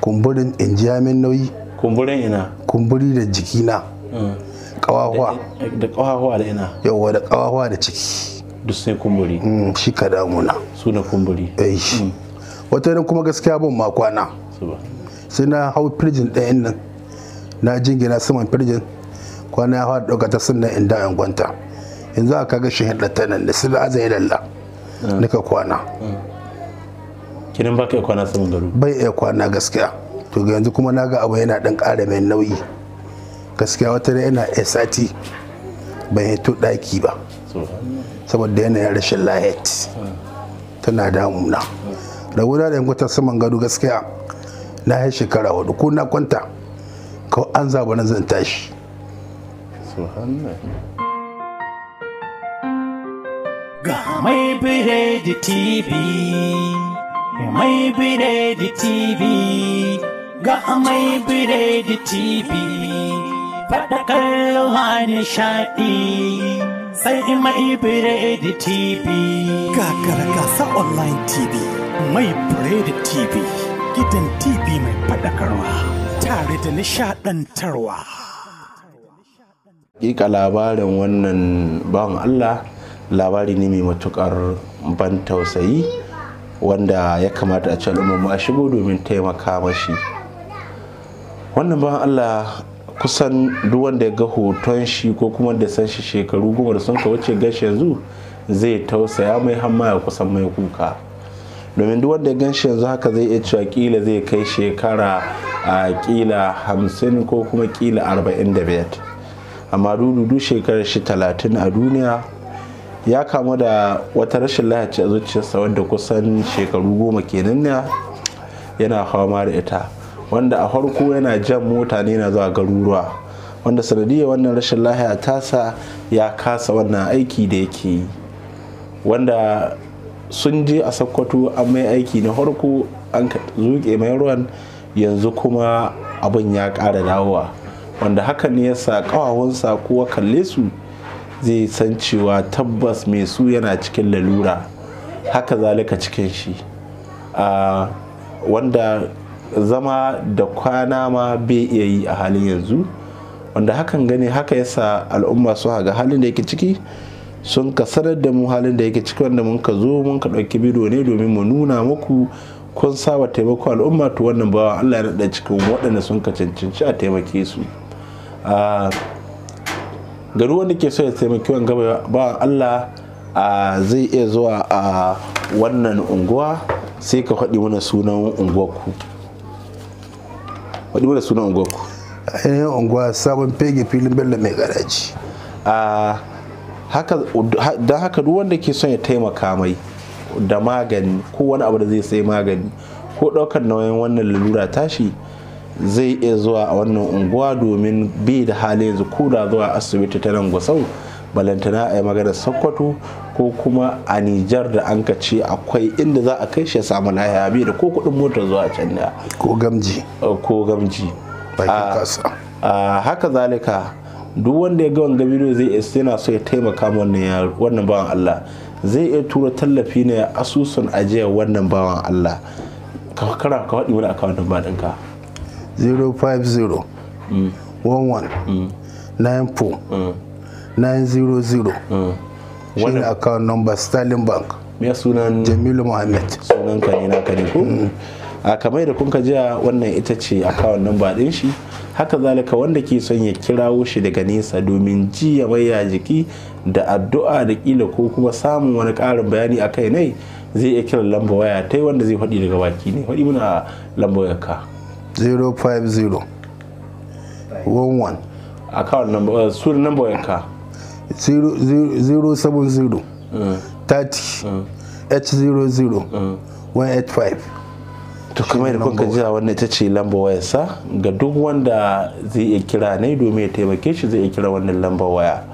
kumburin in ji min nauyi kumburin ina kumburi da jikina kawahuwa mm. da kawahuwa da ina yawa da kawahuwa da ciki duk sai kumburi mm, shi ka damuna su da kumburi eh. mm. wata ran kuma gaskiya bin makwana sai na hau firjin ɗayan nan na jingina saman firjin kwana ya fara ɗauka ta sunna inda yan gwanta yanzu aka ga shi hidda ta nan da sila azai lalla nika kwana kinin baka ya kwana saman gado bai ya kwana gaskiya to ga yanzu kuma na ga abu yana dan ƙara mai nauyi gaskiya wata da yana a sati ban hito ɗaki ba saboda yanayin rashin lahet tana damuna rabuna da yankuta saman gado gaskiya na yi shekara hudu ko na kwanta ko an zaba na zan tashi ga mai biredi tv Mai Biredi TV ga Mai Biredi TV faɗakar ruwa nishaɗi sai Mai Biredi TV. Kakar gasa online TV Mai Biredi TV gidan TV mai faɗakarwa tare da nishaɗantarwa. Ƙiƙa labarin wannan bawan Allah labari ne mai matuƙar ban tausayi. wanda ya kamata a ci mu a shigo domin taimaka mashi wannan ban allah kusan duk wanda ya ga hoton shi ko kuma da san shi shekaru goma da sun ka wuce gashi yanzu zai tausaya mai hamma ya kusan mai kuka domin duk wanda ya gan shi yanzu haka zai iya cewa kila zai kai shekara a kila hamsin ko kuma kila arba'in da biyar amma dudu shekarar shi talatin a duniya ya kamu da wata rashin lahaci a zuciyarsa wadda kusan shekaru goma kenan yana hawa da ita wanda a farko yana jan mota ne na zuwa garuruwa wanda sanadiyar wannan rashin ta tasa ya kasa wannan aiki da yake yi wanda sun je a sakkwato an mai aiki na farko an zuke mai ruwan yanzu kuma abin ya ƙara dawowa wanda hakan ne ya sa ƙawawunsa kowa kalle su zai san cewa tabbas mai su yana cikin lalura haka zalika cikin shi wanda zama da kwana ma bai iya yi a halin yanzu wanda hakan gani haka yasa al'umma su ga halin da yake ciki sun ka sanar da mu halin da yake ciki wanda mun ka zo mun ka ɗauki bido ne domin mu nuna muku kun saba taimako al'umma to wannan bawa allah ya naɗa cikin waɗanda sun ka cancanci a taimake su ga ruwan da ke so ya taimaki gaba, ba Allah zai iya zuwa a wannan unguwa sai ka faɗi mana sunan unguwarku faɗi mana sunan unguwarku ainihin eh, unguwa sabon fege filin bello mai garaji a haka don haka ruwan da ke son ya taimaka mai da magani ko wani abu da zai sai magani ko ɗaukar nauyin wannan lalura tashi zai iya zuwa a wannan unguwa domin bi da hali yanzu kuda zuwa asibiti ta nan gusau balantana a yi magana sakkwato ko kuma a nijar da an ka ce akwai inda za a kai shi ya samu lahiya bi da ko kudin motar zuwa can da ko gamji uh, ko gamji ah, a ah, haka zalika duk wanda ya ga wanga bidiyo zai iya yana so ya taimaka wannan wannan bawan Allah zai iya tura tallafi ne asusun ajiyar wannan bawan Allah ka kara ka faɗi wani akawuntin ba ɗinka 050 11 shine account number sterling bank ya sunan jamilu muhammad sunan ka ne naka ko mm. a kamar da kun jiya wannan ita ce account number din shi haka zalika wanda ke son ya kirawo shi daga nesa domin ji ya jiki da addu'a da kila ko kuma samun wani karin bayani a kai ne zai iya kira lamba waya ta wanda zai faɗi daga baki ne faɗi muna lamba wayarka 050 11 account number uh, sunan number yanka 070 30 h00 185 to kamar da kuka ji wannan ita ce lambar wayarsa ga duk wanda zai iya kira ne domin ya taimake shi zai iya kira wannan lambar waya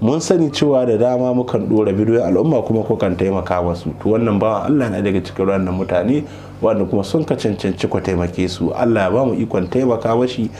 mun sani cewa da dama mukan dora bidiyon al'umma kuma kukan taimaka masu to wannan bawan allah na daga cikin wannan mutane wanda kuma sun ka cancanci ku taimake su allah ya ba mu ikon taimaka mashi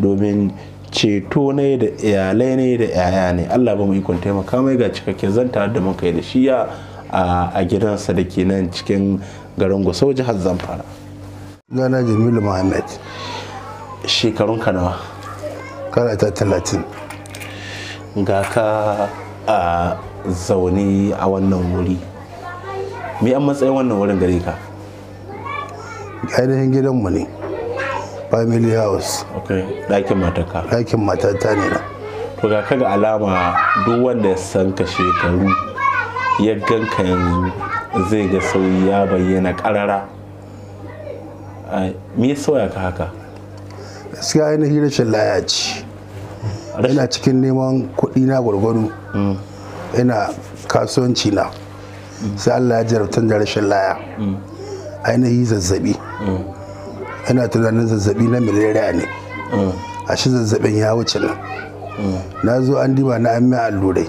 domin ceto ne da iyalai ne da 'ya'ya ne allah ba mu ikon taimaka mai ga cikakken zanta da muka yi da ya a gidansa da ke nan cikin garin gusau jihar zamfara gana jamilu muhammad shekarun kanawa ta talatin ga ka a zaune a wannan wuri me an matsayin wannan wurin gare ka ainihin gidanmu ne family house ɗakin matata ɗakin matata ne na to ga kaga alama duk wanda ya san ka shekaru ya ganka yanzu zai ga sauyi ya bayyana karara me ya sauya ka haka gaskiya ainihin rashin laya ce ina cikin neman kuɗi na gwargwado mm. ina kasuwanci na mm. sai Allah ya jarabtar da rashin laya mm. ainihin zazzabi yana tunanin zazzabi na malaria ne a shi zazzabin ya wuce nan na zo an diba na an allurai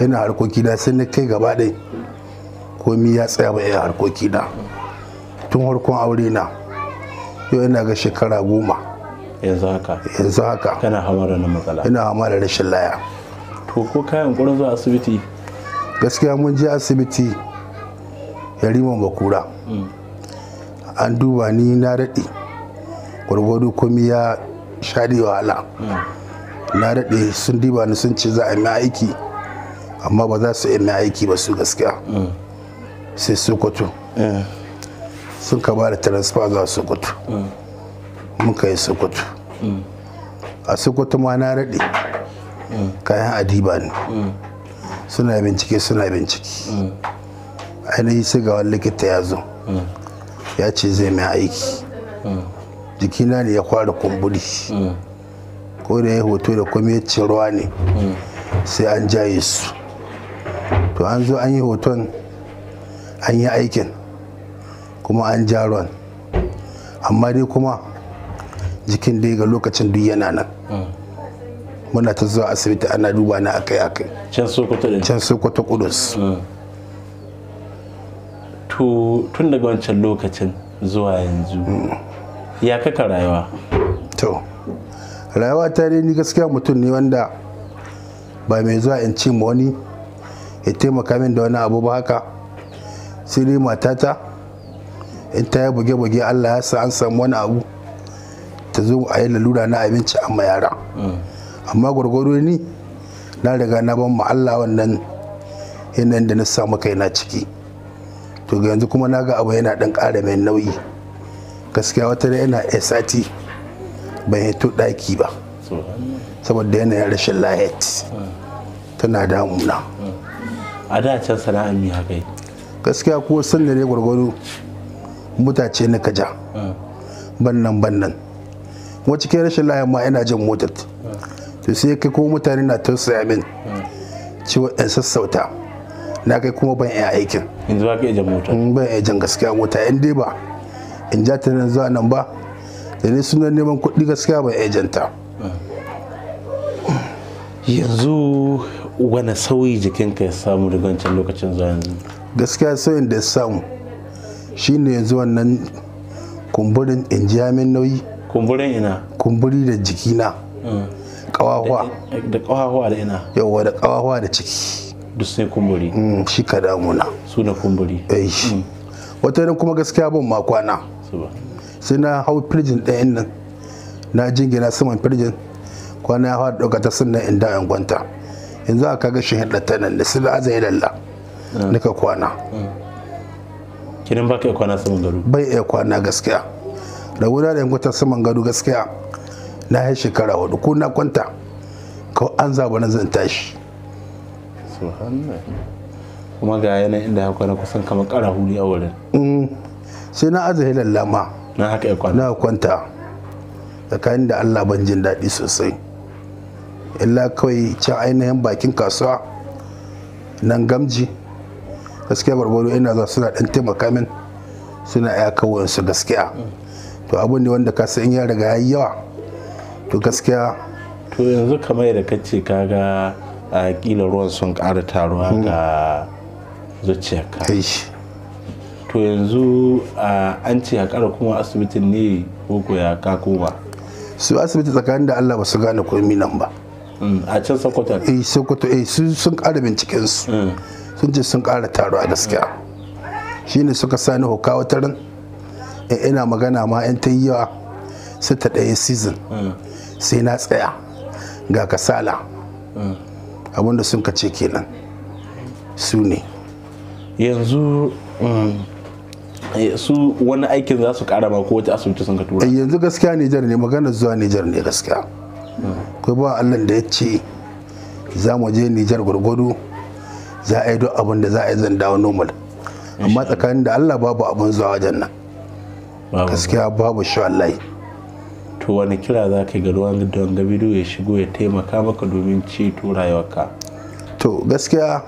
ina harkoki na sai na kai gaba ɗai komi ya tsaya ba iya harkoki na tun harkon aure na yau ina ga shekara goma yanzu haka yanzu haka kana hamara na matsala ina hamara rashin laya to ko kayan gurin zuwa asibiti gaskiya mun je asibiti yariman bakura mm. an duba ni na daɗe gwargwado komi ya shaɗe wahala hmm. na daɗe sun diba ni sun ce za a yi aiki amma ba za su yi aiki ba su gaskiya hmm. sai sokoto hmm. sun ka ba da transfer zuwa sokoto muka yi sokoto a sokoto ma na raɗe kayan adiba ne suna bincike suna bincike ainihi sai ga wani likita ya zo ya ce zai mai aiki jikina ne ya kwara kumburi ko da ya hoto da kuma ya ce ruwa ne sai an jaye su to an zo an yi hoton an yi aikin kuma an ja ruwan amma dai kuma jikin dai ga lokacin duk yana nan muna ta zuwa asibiti ana duba na akai-akai can sokoto kudus hmm. to tun daga wancan lokacin zuwa yanzu ya kaka rayuwa to rayuwa ta dai ni gaskiya mutum ne wanda ba mai zuwa in ce ma wani ya taimaka min da wani abu ba haka sai dai matata in ta yi buge-buge allah ya sa an samu wani abu ta zo a yi lalura na abinci mm. amma yara amma gwargwaro ni na riga na ban ma allah wannan yanayin da na samu na ciki to ga yanzu kuma naga abu yana dan ƙara mai nauyi gaskiya wata rai yana esati sati hito daki ba saboda yanayin rashin lahiyat tana damuna a da can sana'a mi haka gaskiya ko san da ne gwargwaro mutace na kaja bannan bannan kuma cikin rashin lahiya ma ina jin motar to sai kai ko mutane na tausaya min cewa in sassauta na kai kuma ban iya aikin yanzu ba ka iya mota in mm, ban iya jan gaskiya mota in dai ba in ja ta nan zuwa nan ba da ne sunan neman kuɗi gaskiya ban iya janta yanzu wani sauyi jikinka ya samu daga wancan lokacin zuwa yanzu gaskiya sauyin da ya samu shine yanzu wannan kumburin in ji min nauyi kumburin ina kumburi da jikina kawahuwa mm. da kawahuwa da ina yauwa da kawahuwa da ciki duk sai kumburi mm, shi ka damuna su na kumburi eh mm. wata ne kuma gaskiya ban ma kwana sai na hau firjin ɗayan nan na jingina saman firjin kwana ya hawa ɗauka ta sunna inda yan gwanta yanzu aka ga shi hidda nan da sila azai lalla mm. nika kwana kinan ba ka iya kwana saman gado bai iya kwana gaskiya da guda da yankwata saman gado gaskiya na yi shekara hudu ko na kwanta ko an zaba na zan tashi kuma ga yanayin inda haka na kusan kamar kara huri a wurin mm. sai na azahi lallama na haka ya kwanta na kwanta tsakanin da Allah ban jin daɗi sosai illa kawai can ainihin bakin kasuwa nan gamji gaskiya barbaro ina za suna ɗan taimaka min suna ya kawai su gaskiya to abin ne wanda ka san ya riga yayi yawa to gaskiya to yanzu kamar da kace kaga kila ruwan sun ƙara taruwa hmm. ga zuciyarka to yanzu an ce a ƙara kuma asibitin ne ko ya ka koma su asibiti tsakanin da allah ba su gane komi nan ba hmm, a can sokoto eh sokoto eh sun ƙara binciken su hmm. sun ce sun ƙara taruwa gaskiya shine suka sani hoka wata ran eh, ina magana ma 'yan ta yiwa sai ta ɗaya season sai na tsaya ga kasala abinda sun ka ce kenan su ne yanzu mm, eh, su wani aikin za su kara ko wata asibiti sun ka tura eh, yanzu gaskiya nijar ne magana zuwa nijar ne gaskiya kai ba allah da ya ce za mu je nijar gwargwado za a yi duk abin da za a yi zan dawo normal amma tsakanin da allah babu abin zuwa wajen nan gaskiya babu shi wallahi to wani kira za ka ga ruwan don gabiru ya shigo ya taimaka maka domin ceto rayuwarka to gaskiya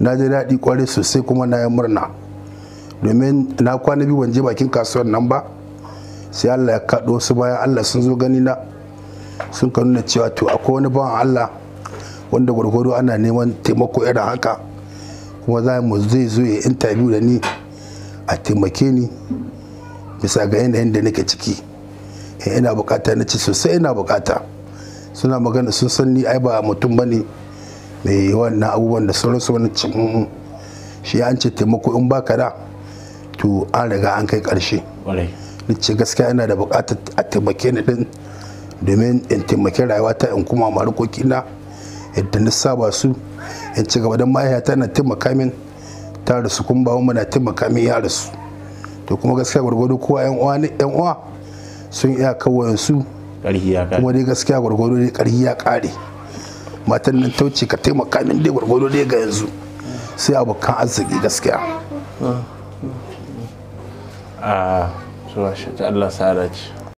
na ji daɗi kwarai sosai kuma na yi murna domin na kwana biyu ban je bakin kasuwar nan ba sai allah ya kaɗo su bayan allah sun zo gani na sun ka nuna cewa to akwai wani bawan allah wanda gwargwaro ana neman taimako irin haka kuma za mu zai zo ya intabiyu da ni a taimake ni bisa ga yanayin da nake ciki Eh, ina bukata na ce sosai ina bukata suna magana sun san ni ai ba mutum bane mai wannan abubuwan da su wani cin shi an ce taimako in baka da to an riga an kai karshe ni ce gaskiya ina da bukata a taimake ni din domin in taimake rayuwata in kuma marukoki na yadda na saba su in ci gaba don mahaifiyata na taimaka min ta rasu kuma mu na taimaka min ya rasu to kuma gaskiya gwargwado kowa yan uwa sun iya kawai su kuma dai gaskiya gwargwado dai karhi ya kare matan nan tauci ka taimaka min dai gwargwado dai ga yanzu sai abokan arziki gaskiya a ah, Allah sa'adaci